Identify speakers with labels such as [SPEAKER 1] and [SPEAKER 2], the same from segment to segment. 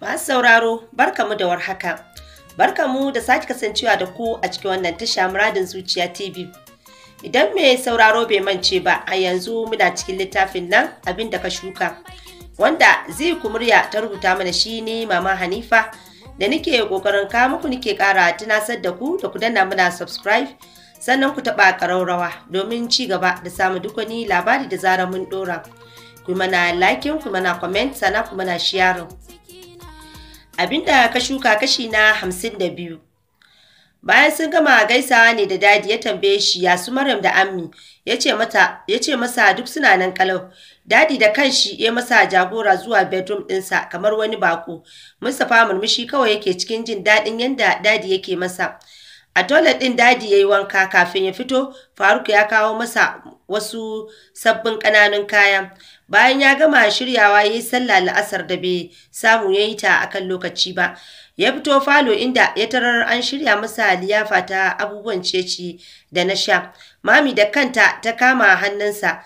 [SPEAKER 1] Masu sauraro, barka mu da warhaka. mu da sake kasancewa da ku a cikin wannan tasha muradin zuciya TV. Idan mai sauraro bai mance ba, a yanzu muna cikin littafin nan abin da ka shuka. Wanda zai murya ta rubuta mana shi ne Mama Hanifa da nike kokarin ka muku nike kara tunasar da ku da ku danna muna subscribe sannan ku taɓa rawa, domin ci gaba da samu duk wani labari da zarar mun ɗora. Ku mana like ku mana comment, sannan ku mana sharing. abinda ka shuka kashi na hamsin da biyu bayan sun gama gaisawa ne da dadi ya tambaye shi ya su maryam da ammi ya ce masa duk suna nan kalau dadi da kan shi ya masa jagora zuwa bedroom ɗinsa kamar wani bako mustapha murmushi kawai yake cikin jin daɗin yadda dadi yake masa a toilet ɗin dadi ya yi wanka kafin ya fito faruk ya kawo masa wasu sabbin ƙananun kaya bayan ya gama shiryawa ya yi sallah la'asar da bai samu ya yi ta akan lokaci ba ya fito falo inda ya tarar an shirya masa liyafa ta abubuwan ceci da na sha mami da kanta ta kama hannunsa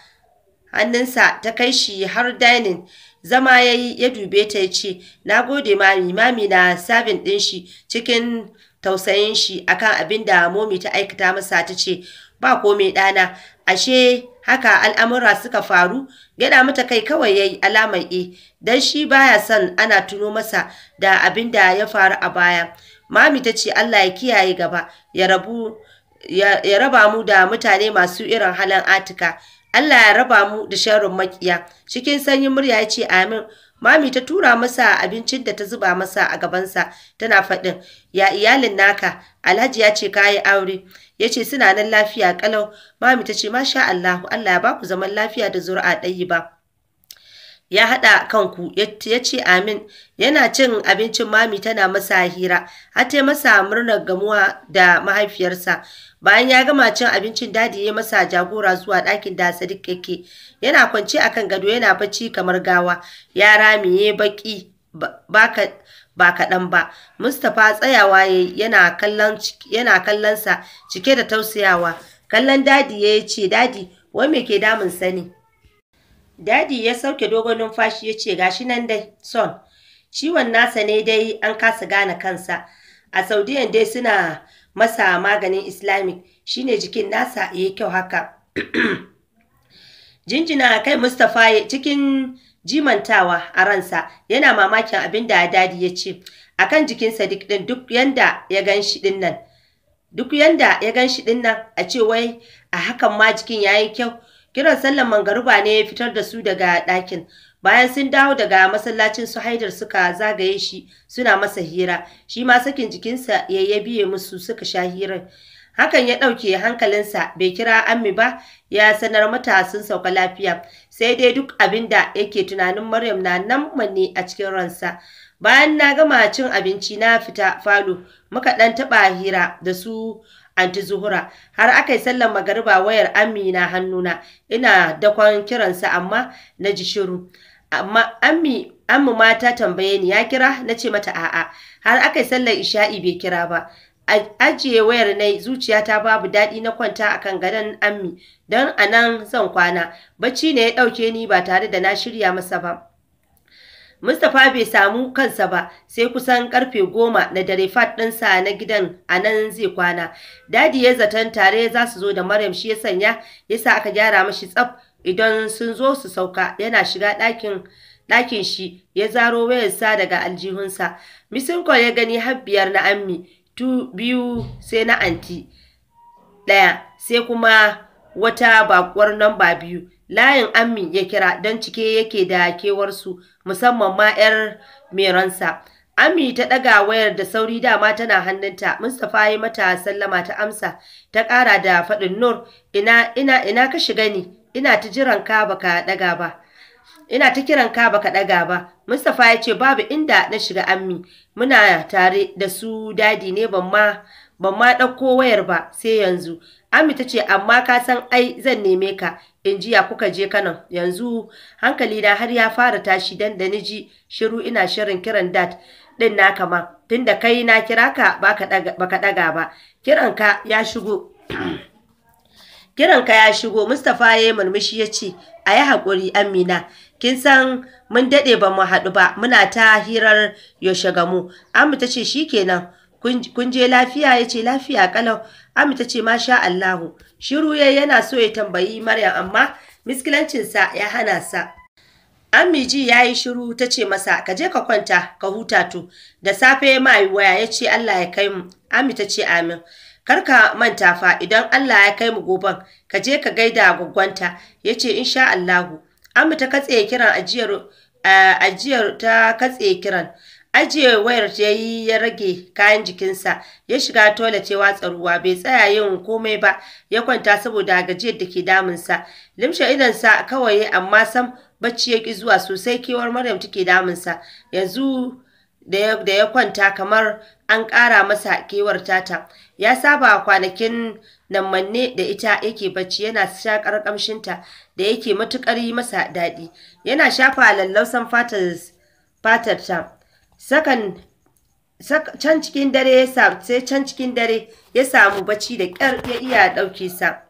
[SPEAKER 1] hannunsa ta kai shi har dining zama ya yi ya dube ta ya ce na gode mami mami na sabin ɗin shi cikin tausayin shi akan abin da momi ta aikata masa ta ce ba komai ɗana ashe haka al'amura suka faru gyaɗa mata kai kawai yayi alamar e dan shi baya son ana tuno masa da abin da ya faru a baya mami ta ce Allah ya kiyaye gaba ya raba mu da mutane masu irin halin atika Allah ya raba mu da sharrin makiya cikin sanyin murya ya ce amin Mami ta tura masa abincin da ta zuba masa a gabansa tana faɗin, ya iyalin naka, Alhaji ya ce kayi aure, ya ce suna nan lafiya kalau. Mami ta ce, Masha Allahu, Allah ya ba ku zaman lafiya da zuri'a ɗayi ba. ya haɗa kanku ya ce amin yana cin abincin mami tana masa hira har ta masa murnar gamuwa da mahaifiyarsa bayan ya gama cin abincin dadi ya masa jagora zuwa ɗakin da sadiq yake yana kwance kan gado yana bacci kamar gawa ya ramiye baki ba kaɗan ba mustapha tsayawa yana kallonsa cike da tausayawa kallon dadi ya ce dadi wai me ke damun sani Dadi ya sauke dogon numfashi ya ce gashi nan dai son ciwon nasa ne dai an kasa gane kansa a saudiyan dai suna masa maganin islamic shine jikin nasa ya kyau haka jinjina kai mustapha cikin jimantawa a ransa yana mamakin abin da dadi ya ce 'A kan jikinsa duk yanda ya gan shi duk yanda ya gan shi a ce wai a hakan ma jikin ya yi kyau Kiran sallan mangaruba ne ya fitar da su daga ɗakin. Bayan sun dawo daga masallacin su haidar suka zagaye shi suna masa hira, shi ma sakin jikinsa ya biye musu suka sha hirar. Hakan ya ɗauke hankalinsa bai kira Ammi ba ya sanar mata sun sauka lafiya sai dai duk abin da yake tunanin Maryam na nan manne a cikin ransa. Bayan na gama cin abinci na fita falo muka ɗan taɓa hira da su anti Zuhura har aka yi sallar magariba wayar Amina hannuna ina dakon kiransa amma na ji shiru amma Ammi Ammu mata tambaye ni ya kira na ce mata a'a har aka yi sallar isha'i bai kira ba ajiye wayar na zuciyata babu daɗi na kwanta akan gadon Ammi don anan zan kwana bacci ne ya ɗauke ni ba tare da na shirya masa ba Mustapha bai samu kansa ba sai kusan karfe goma na dare fat ɗinsa na gidan a nan zai kwana. Dadi ya zaton tare za su zo da Maryam shi ya sanya yasa aka gyara mashi tsaf idan sun zo su sauka yana shiga ɗakin ɗakin shi ya zaro wayarsa daga aljihunsa. Misinko ya gani har biyar na ammi tu biyu sai na anti ɗaya sai kuma wata bakuwar namba biyu Layin Amin ya kira don cike yake da kewarsu musamman ma 'yar meransa Ami ta ɗaga wayar da sauri dama tana hannunta, Mustapha ya mata sallama ta amsa, ta ƙara da faɗin Nur, ina ina ina ka shiga ni, ina ta jiran ka baka ɗaga ba. Ina ta kiran ka baka ɗaga ba. Mustapha ya ce babu inda na shiga Ammi, muna tare da su dadi ne ban ma ban ma ɗauko wayar ba sai yanzu. Ami ta ce amma ka san ai zan neme ka in jiya kuka je kano yanzu hankali na har ya fara tashi dan da ji shiru ina shirin kiran dat din naka ma tunda kai na kira ka baka daga ba kiran ka ya shigo kiran ka ya shigo Mustapha ya yi murmushi ya ce a yi hakuri, Amina kin san mun daɗe ba mu haɗu ba muna ta hirar yaushe gamu Amma ta ce kenan kun je lafiya yace lafiya kalau Ami ta ce sha Allahu shiru ya yana so ya tambayi Maryam amma miskilancinsa ya hana sa. Amiji ya yi shiru ta ce masa ka je ka kwanta ka huta to da safe ya mai waya ya ce Allah ya kai mu Ami ta ce amin kar ka manta fa idan Allah ya kai mu goban ka je ka gaida gwaggwanta ya ce insha Allahu Ami ta katse kiran ajiyar eh, ajiyar ta katse kiran Ajiye wayar ya yi ya rage kayan jikinsa, ya shiga tola cewa watsa bai tsaya yin komai ba, ya kwanta saboda gajiyar da ke damunsa. Limshe idansa kawai amma sam bacci ya ƙi zuwa sosai kewar Maryam take damunsa. Yanzu da ya kwanta kamar an ƙara masa kewar tata. Ya saba kwanakin nan manne da ita yake bacci yana shakar kamshinta da yake matukar yi masa daɗi. Yana shafa lallausan fatar ta. sakan can cikin dare ya samu sai can cikin dare ya samu bacci da ƙyar ya iya ɗauke sa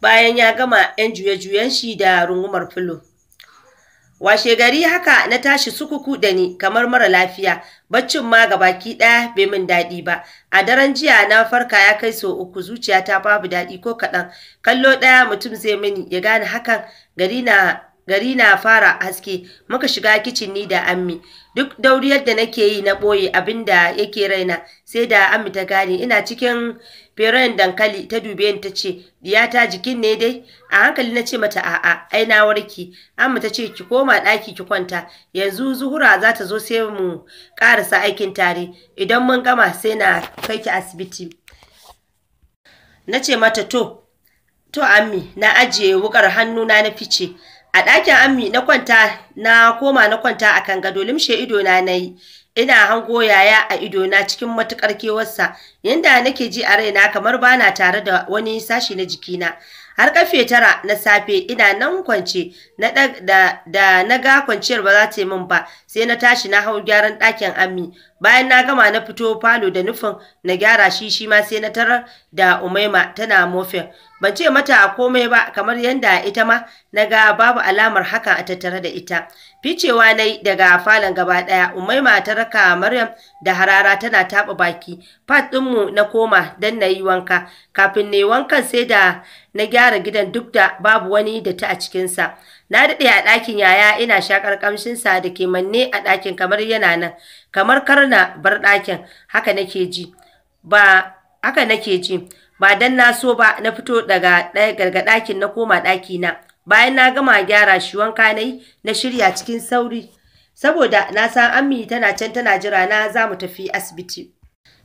[SPEAKER 1] bayan ya gama 'yan juye-juyen shi da rungumar fulo. washe gari haka na tashi sukuku da ni kamar mara lafiya baccin ma ga baki ɗaya bai min daɗi ba a daren jiya na farka ya kai so uku zuciya ta babu daɗi ko kaɗan kallo ɗaya mutum zai mini ya gane hakan gari na gari na fara haske muka shiga kicin ni da ammi duk dauriyar da nake yi na boye abinda yake raina sai da ammi ta gane ina cikin feren dankali ta dube ta ce diyata jikin ne dai a hankali na ce mata a'a ai na warki ammi ta ce ki koma ɗaki ki kwanta yanzu zuhura za ta zo sai mu karasa aikin tare idan mun gama sai na kai ki asibiti na ce mata to to ammi na ajiye wukar hannu na, na fice a ɗakin ammi na kwanta na koma na kwanta a kan gado limshe ido na yi ina hango yaya a idona cikin matukar kewarsa yanda nake ji a raina kamar bana tare da wani sashi na jikina har kafe tara na safe ina nan kwance na da, na ga kwanciyar ba za ta yi min ba sai na tashi na hau gyaran ɗakin ammi bayan na gama na fito falo da nufin na gyara shi shi ma sai na tarar da umaima tana mofin ban ce mata komai ba kamar yadda ita ma na ga babu alamar haka a tattare da ita ficewa na daga falon gaba ɗaya umaima ta raka maryam da harara tana taɓa baki fat ɗinmu na koma dan nayi wanka kafin ne wankan sai da na gyara gidan duk da babu wani da ta a cikin sa na dade a ɗakin yaya ina shakar sa da ke manne a ɗakin kamar yana nan kamar karna bar ɗakin haka nake ji ba haka nake ji ba dan na so ba na fito daga ɗaya ɗakin na koma ɗaki na bayan na gama gyara shi wanka yi na shirya cikin sauri saboda na san ammi tana can tana jira na za mu tafi asibiti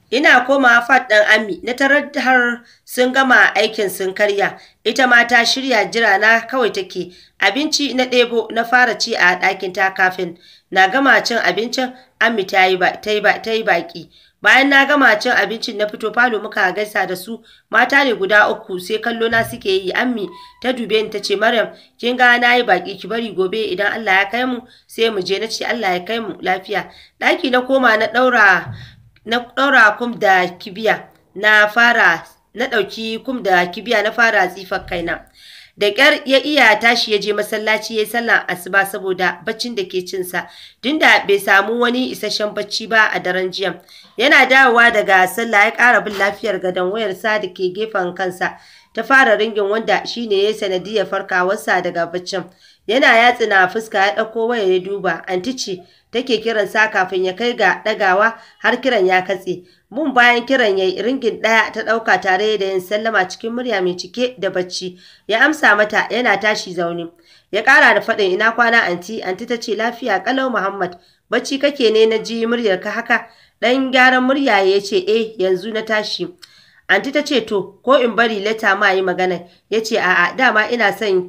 [SPEAKER 1] ina koma fat ɗin ammi na tarar har sun gama aikin sun karya ita ma ta shirya jira na kawai take abinci na ɗebo na fara ci a ɗakin ta kafin na gama cin abincin ammi ta yi baƙi bayan na gama cin abincin na fito falo muka gaisa da su mata ne guda uku sai kallo na suke yi ammi ta dube ni ta ce maryam kin ga na yi baki ki bari gobe idan Allah ya kai mu sai mu je na ce Allah ya kai mu lafiya ɗaki na koma na daura na daura kum da kibiya na fara na ɗauki kum da kibiya na fara tsifar kaina da kyar ya iya tashi ya je masallaci ya yi sallar asuba saboda baccin da ke cinsa da bai samu wani isasshen bacci ba a daren jiya yana dawowa daga sallah ya ƙara bin lafiyar gadon wayarsa da ke gefen kansa ta fara ringin wanda shi shine ya sanadiyar farkawarsa daga baccin yana na fuska ya ɗauko waya ya duba antici take kiransa kafin ya kai ga ɗagawa har kiran ya katse mun bayan kiran yayi ringin ɗaya ta ɗauka tare da yin sallama cikin murya mai cike da bacci ya amsa mata yana tashi zaune ya kara da faɗin ina kwana anti anti ta ce lafiya kalau muhammad bacci kake ne na ji muryar ka haka ɗan gyaran murya ya ce eh yanzu na tashi anti ta ce to ko in bari leta ma yi magana ya ce a'a dama ina son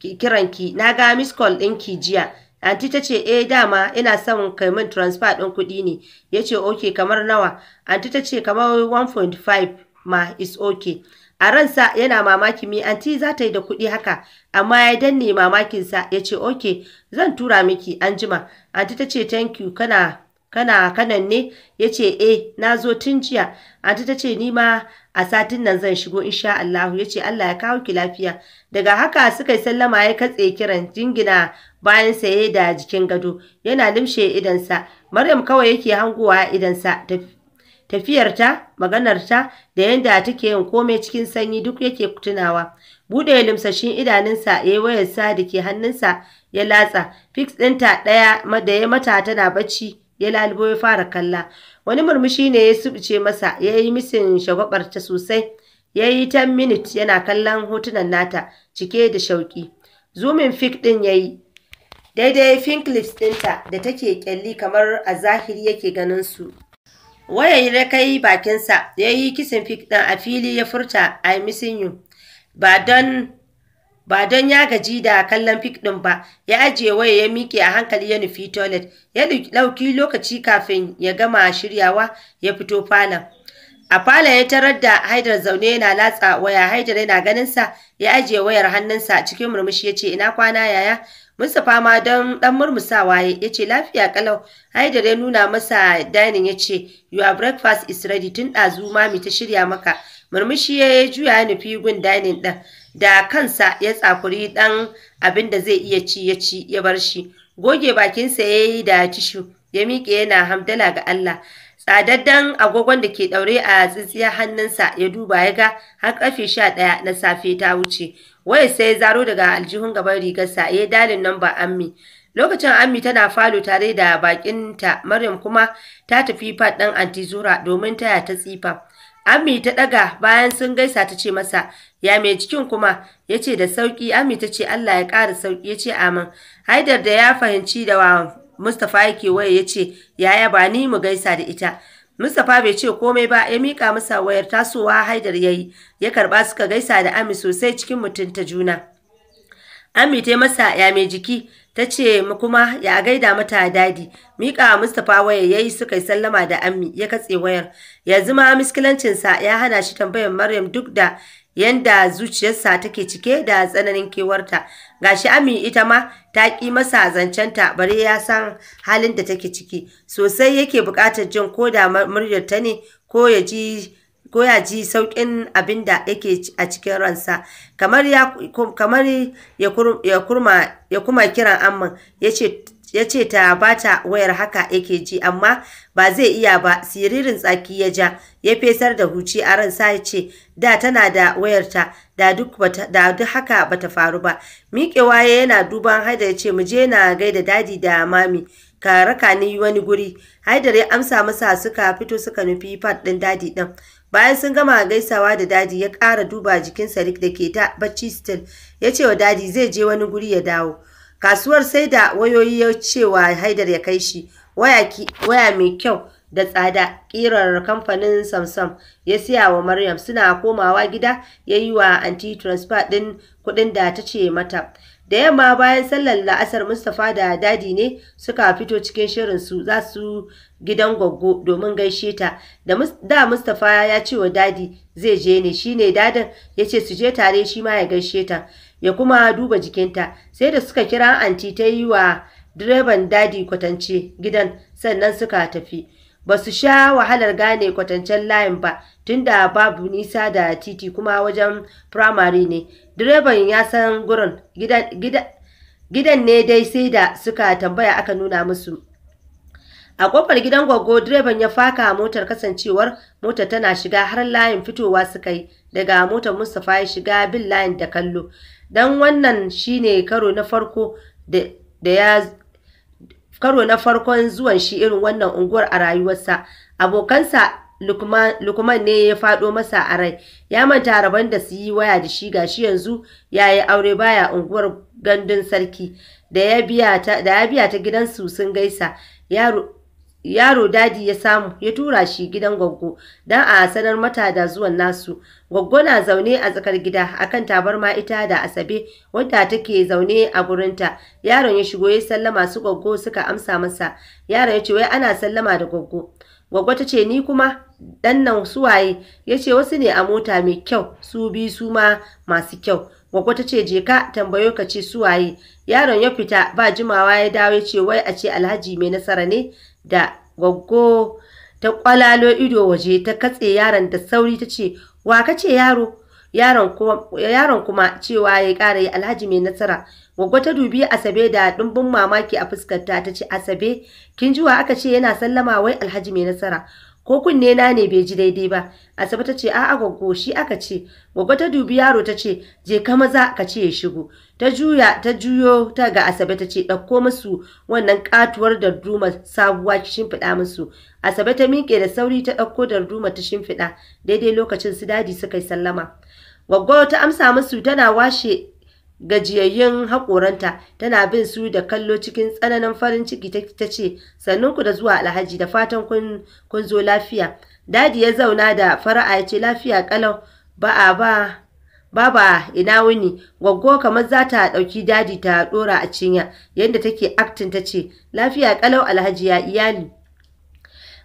[SPEAKER 1] kiranki na ga miss call ɗinki jiya Anti ta ce, "Eh dama ina son kai min transfer ɗin kuɗi ne." Ya ce, "Ok, kamar nawa?" Anti ta ce, "Kamar 1.5 ma is ok." A ransa yana mamaki mi. anti za ta yi da kuɗi haka, amma ya danne mamakinsa ya ce, "Ok, zan tura miki an jima." Anti ta ce, "Thank you, kana kana kanan ne?" Ya ce, "Eh, na zo tun jiya." Anti ta ce, "Ni ma a satin nan zan shigo insha ya ce Allah ya kawo ki lafiya daga haka suka sallama ya katse kiran jingina bayan saye da jikin gado yana limshe idansa Maryam kawai yake hangowa idansa tafiyarta maganarta da yanda take yin komai cikin sanyi duk yake tunawa buɗe limsashin idanunsa ya yi wayarsa da ke hannunsa ya latsa fix ɗinta ɗaya da ya mata tana bacci ya lalibo ya fara kalla wani murmushi ne ya subuce masa ya yi misin shagwabar sosai ya yi 10 minutes yana kallon hotunan nata cike da shauki zumin fik din ya yi daidai fin clips ɗinta da take kyalli kamar a zahiri yake ganin su wayayi da kai bakinsa ya yi kisan fik ɗin a fili ya furta i missing you ba don ba don ya gaji da kallon fik ɗin ba ya ajiye waya ya miƙe a hankali ya nufi toilet ya ɗauki lokaci kafin ya gama shiryawa ya fito falon a falon ya tarar da haidar zaune yana latsa waya haidar yana ganinsa ya ajiye wayar hannunsa cikin murmushi ya ce ina kwana yaya Mustapha ma don ɗan murmusawa ya ce lafiya kalau Haidar ya nuna masa dining ya ce your breakfast is ready tun ɗazu mami ta shirya maka murmushi ya juya ya nufi gun dining ɗin da kansa ya tsakuri ɗan abin da zai iya ci ya ci ya bar shi goge bakinsa ya yi da tishu ya miƙe yana hamdala ga Allah tsadaddan agogon da ke ɗaure a tsintsiya hannunsa ya duba ya ga har ƙarfe sha ɗaya na safe ta wuce waya sai zaro daga aljihun gaban rigarsa ya dalin namba ammi lokacin ammi tana falo tare da bakinta maryam kuma ta tafi faɗin antizura domin taya ta tsifa Ami ta ɗaga bayan sun gaisa ta ce masa, ya mai jikin kuma, ya ce da sauki Ami ta ce Allah ya ƙara sauki ya ce amin. Haidar da ya fahimci da wa Mustapha yake waye ya ce, yaya ba ni mu gaisa da ita. Mustapha bai ce komai ba ya mika masa wayar tasowa Haidar ya yi, ya karɓa suka gaisa da Ami sosai cikin mutunta juna. Ami ta masa ya mai jiki, ta ce kuma ya gaida mata dadi mika mustapha waya yayi suka yi sallama da ammi ya katse wayar yanzu ma miskilancinsa ya hana shi tambayar maryam duk da yanda zuciyarsa take cike da tsananin kewarta gashi ami ita ma ta ki masa zancenta bare ya san halin da take ciki sosai yake buƙatar jin ko da muryar ta ne ko ya ji ko ya ji saukin abin da yake a cikin ransa kamar ya kamar ya kuma kiran amman yace ce ta bata wayar haka yake ji amma ba zai iya ba siririn tsaki ya ja ya fesar da huci a ransa ya ce da tana da wayarta da duk da duk haka bata faru ba miƙewa yana duban haida ya ce mu je na gaida dadi da mami ka raka ni wani guri haidar ya amsa masa suka fito suka nufi fat ɗin dadi ɗin bayan sun gama gaisawa da dadi ya ƙara duba jikin sadik da ke ta bacci still ya ce wa dadi zai je wani guri ya dawo kasuwar sai da wayoyi ya ce wa haidar ya kai shi waya mai kyau da tsada ƙirar kamfanin Samsung ya siya wa Maryam suna komawa gida ya yi wa anti transfer ɗin kuɗin da ta ce mata. Da yamma bayan sallar la'asar Mustapha da dadi ne suka fito cikin shirin su za su gidan goggo domin gaishe ta. Da Mustapha ya ce wa dadi zai je ne shine dadin ya ce su je tare shi ma ya gaishe ta ya kuma duba jikinta sai da suka kira anti ta yi wa direban dadi kwatance gidan sannan suka tafi. ba su sha wahalar gane kwatancen layin ba tunda babu nisa da titi kuma wajen firamare ne direban ya san gurin gidan ne dai sai da suka tambaya aka nuna musu a kofar gidan gwaggo direban ya faka motar kasancewar motar tana shiga har layin fitowa suka yi daga motar mustapha ya shiga bin layin da kallo don wannan shine karo na farko da ya karo na farkon zuwan shi irin wannan unguwar a rayuwarsa abokansa lukman ne ya faɗo masa a rai ya manta rabon da su yi waya da shi gashi yanzu ya yi aure baya unguwar gandun sarki da ya biya ta gidansu sun gaisa yaro dadi ya samu ya tura shi gidan goggo. don a sanar mata da zuwan nasu Goggo na zaune a tsakar gida akan tabarma ita da asabe wadda take zaune a gurinta yaron ya shigo ya sallama su gwaggo suka amsa masa yaron ya ce wai ana sallama da gwaggo gwaggo ta ce ni kuma dan nan suwaye ya ce wasu ne a mota mai kyau su bi su ma masu kyau gwaggo ta ce je ka tambayo ka ce suwaye yaron ya fita ba jimawa ya dawo ya ce wai a ce alhaji mai nasara ne da gwaggo ta kwalalo ido waje ta katse yaron da sauri ta ce wa kace yaro yaron kuma cewa ya ƙara yi alhaji mai nasara gwaggo ta dubi asabe da ɗumbin mamaki a fuskarta ta ce asabe kin ji wa aka ce yana sallama wai alhaji mai nasara ko kunne na ne bai ji daidai ba asabe ta ce a'a gogo". shi aka ce Gogo ta dubi yaro ta ce je ka maza ka ce ya shigo ta juya ta juyo ta ga asabe ta ce ɗauko musu wannan katuwar darduma sabuwa ki shimfiɗa musu asabe ta miƙe da sauri ta ɗauko darduma ta shimfiɗa daidai lokacin su dadi suka yi sallama Gogo ta amsa musu tana washe gajiyayyun haƙoranta tana bin su da kallo cikin tsananin farin ciki ta ce sannunku da zuwa alhaji da fatan kun zo lafiya dadi ya zauna da fara'a ya ce lafiya kalau ba a ba Baba ina wuni gwaggo kamar za ta ɗauki dadi ta ɗora a cinya yadda take aktin ta ce lafiya kalau alhaji ya iyali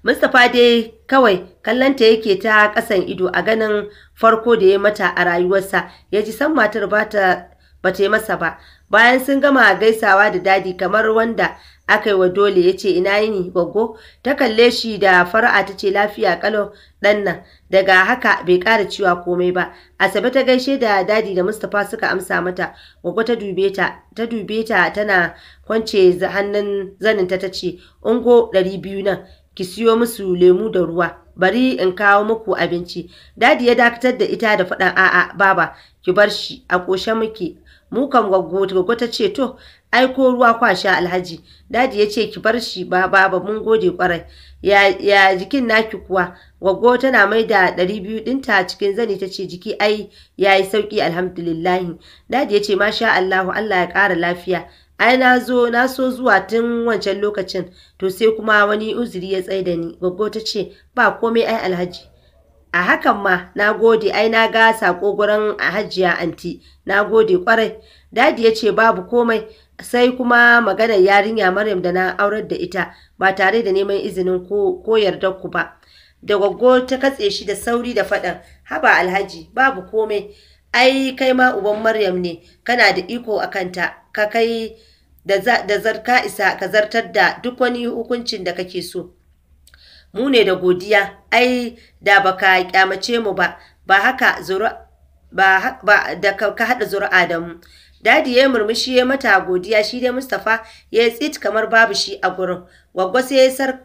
[SPEAKER 1] Mustapha dai kawai kallanta yake ta ƙasan ido a ganin farko da ya mata a rayuwarsa ya ji san matar ba ta ba ta yi masa ba bayan sun gama gaisawa da dadi kamar wanda aka yi wa dole ya ce ina yini gwaggo ta kalle shi da fara'a ta ce lafiya kalo danna. daga haka bai ƙara cewa komai ba asabe ta gaishe da dadi da mustapha suka amsa mata gwaggo ta dube ta ta dube ta tana kwance hannun zaninta ta ce ungo ɗari biyu nan ki siyo musu lemu da ruwa bari in kawo muku abinci dadi ya dakatar da ita da faɗan a'a baba ki bar shi a ƙoshe muke mu kan gwaggo ta ce to ai ko ruwa kwa sha alhaji dadi ya ce ki bar shi ba baba mun gode kwarai ya, jikin naki kuwa gwaggo tana mai da ɗari biyu ɗinta cikin zani ta ce jiki ai ya yi sauƙi alhamdulillahi dadi ya ce masha allahu allah ya ƙara lafiya ai na zo na so zuwa tun wancan lokacin to sai kuma wani uziri ya tsaida ni gwaggo ta ce ba komai ai alhaji A hakan ma na gode ai na ga saƙo gurin a hajiya anti, na gode kwarai! Dadi ya ce babu komai sai kuma maganar yarinya Maryam da na aurar da ita ba tare da neman izinin ko, ko ku ba. Da gwaggo ta katse shi da sauri da faɗan haba alhaji babu komai ai kai ma uban Maryam ne kana da iko a kanta ka kai da zarka isa ka zartar da duk wani hukuncin da kake so. mu ne da godiya ai da baka kyamace mu ba ba haka zuru ba, ba da ka, ka haɗa zuri'a da mu dadi ya murmushi ya mata godiya shi dai mustapha ya tsit kamar babu shi a gurin gwaggwa sai sar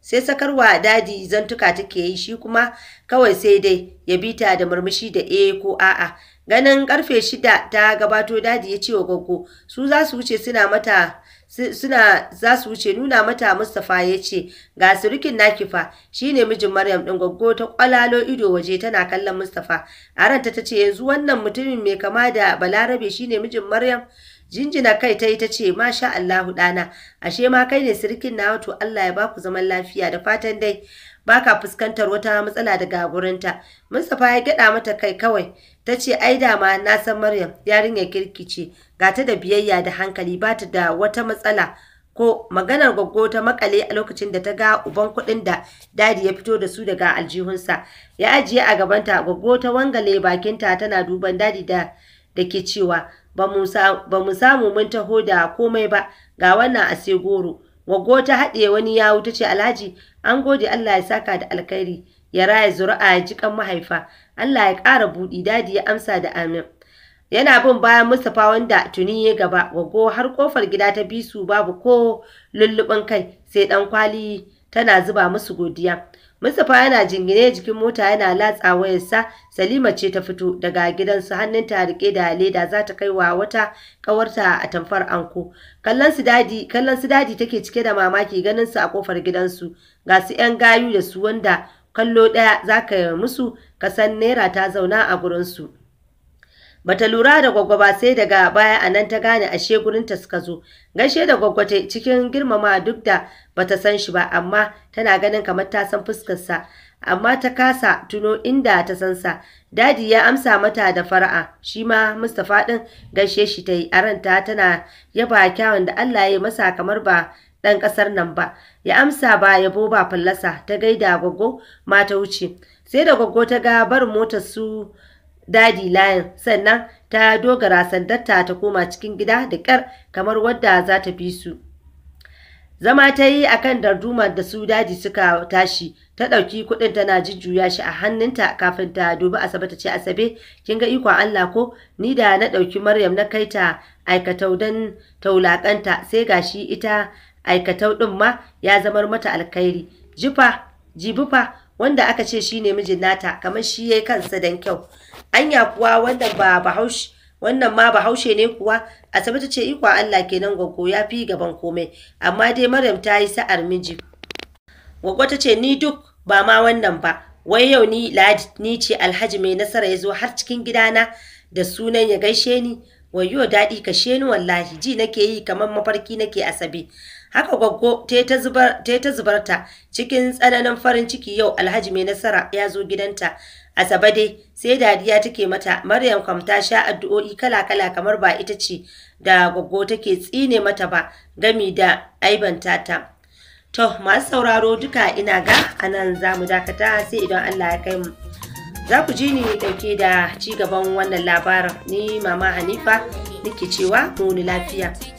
[SPEAKER 1] sai sakarwa dadi zantuka take yi shi kuma kawai sai dai ya bita da murmushi da eh ko a'a ganin karfe shida ta gabato dadi ya ce wa gwaggo su za su wuce suna mata suna za su wuce nuna mata Mustapha ya ce ga surukin naki fa shine mijin Maryam din goggo ta kwalalo ido waje tana kallon Mustapha a ranta ta ce yanzu wannan mutumin mai kama da Balarabe shine mijin Maryam jinjina kai ta yi ta ce masha Allahu dana ashe ma kai ne surukin na wato Allah ya baku zaman lafiya da fatan dai ba ka fuskantar wata matsala daga gurinta mustapha ya gyaɗa mata kai kawai ta ce ai dama na san maryam yarinyar kirki ce ga ta da biyayya da hankali ba ta da wata matsala ko maganar gwaggo ta makale a lokacin da ta ga uban kuɗin da dadi ya fito da su daga aljihunsa ya ajiye a gabanta gwaggo ta wangale bakinta tana duban dadi da da ke cewa ba mu samu mun taho da komai ba ga wannan ase goro Waggo ta haɗe wani yawu ta ce Alhaji an gode Allah ya saka da alkhairi ya raya zuri'a ya ji kan mahaifa Allah ya ƙara buɗi dadi ya amsa da amin. Yana bin bayan Mustapha wanda tuni ya gaba waggo har kofar gida ta biyu su babu ko lulluɓin kai sai ɗan kwali tana zuba musu godiya. Mustapha yana jingine jikin mota yana latsa wayarsa Salima ce ta fito daga gidansu hannunta rike da leda za ta kaiwa wata kawarta a tamfar anko. Kallon su dadi kallon su dadi take cike da mamaki ganin su a kofar gidansu ga su yan gayu da su wanda kallo daya zaka yi musu san naira ta zauna a gurin su. Bata lura da gwaggwa ba sai daga baya a nan ta gane ashe gurinta suka zo. Gaishe da gwaggwa ta cikin girmama duk da bata san shi ba amma tana ganin kamar ta san fuskarsa. Amma ta kasa tuno inda ta san sa. Dadi ya amsa mata da fara'a shi ma Mustapha din gaishe shi ta yi a ranta tana yaba kyawun da Allah ya masa kamar ba ɗan ƙasar nan ba. Ya amsa ba yabo ba fallasa ta gaida gwaggo ma ta wuce. Sai da gwaggo ta ga barin motar su dadi layin sannan ta dogara sandarta ta koma cikin gida da kyar, kamar wadda za ta fi su. Zama ta yi a kan dardumar da su daji suka tashi, ta ɗauki kuɗin tana jujjuya shi a hannunta kafin ta dubi Asabe ta ce Asabe, kin ga ikon Allah ko ni da na ɗauki Maryam na kai ta aikatau don taulaƙanta sai gashi ita aikatau ɗin ma ya zamar mata alkhairi. Jifa, jibifa wanda aka ce shi ne mijin nata kamar shi ya kansa dan kyau. anya kuwa wannan ba bahaushe wannan ma bahaushe ne kuwa asabe ta ce ikon allah kenan gogo ya fi gaban komai amma dai maryam ta yi sa'ar miji gogo ta ce ni duk ba ma wannan ba wai yau ni ladi ni ce alhaji mai nasara ya zo har cikin gidana da sunan ya gaishe ni wayo daɗi kashe ni wallahi ji nake yi kamar mafarki nake asabe haka gwaggo ta ta zubarta cikin tsananin farin ciki yau alhaji mai nasara ya zo gidanta Asabe dai sai dariya take mata Maryam kam ta sha addu'o'i kala-kala kamar ba ita ce da goggo take tsine mata ba gami da aibantata. tata. To masu sauraro duka ina ga anan za mu dakata sai idan Allah ya kai mu. Za ku ji ni dauke da ci gaban wannan labarin ni Mama Hanifa nake cewa mu lafiya.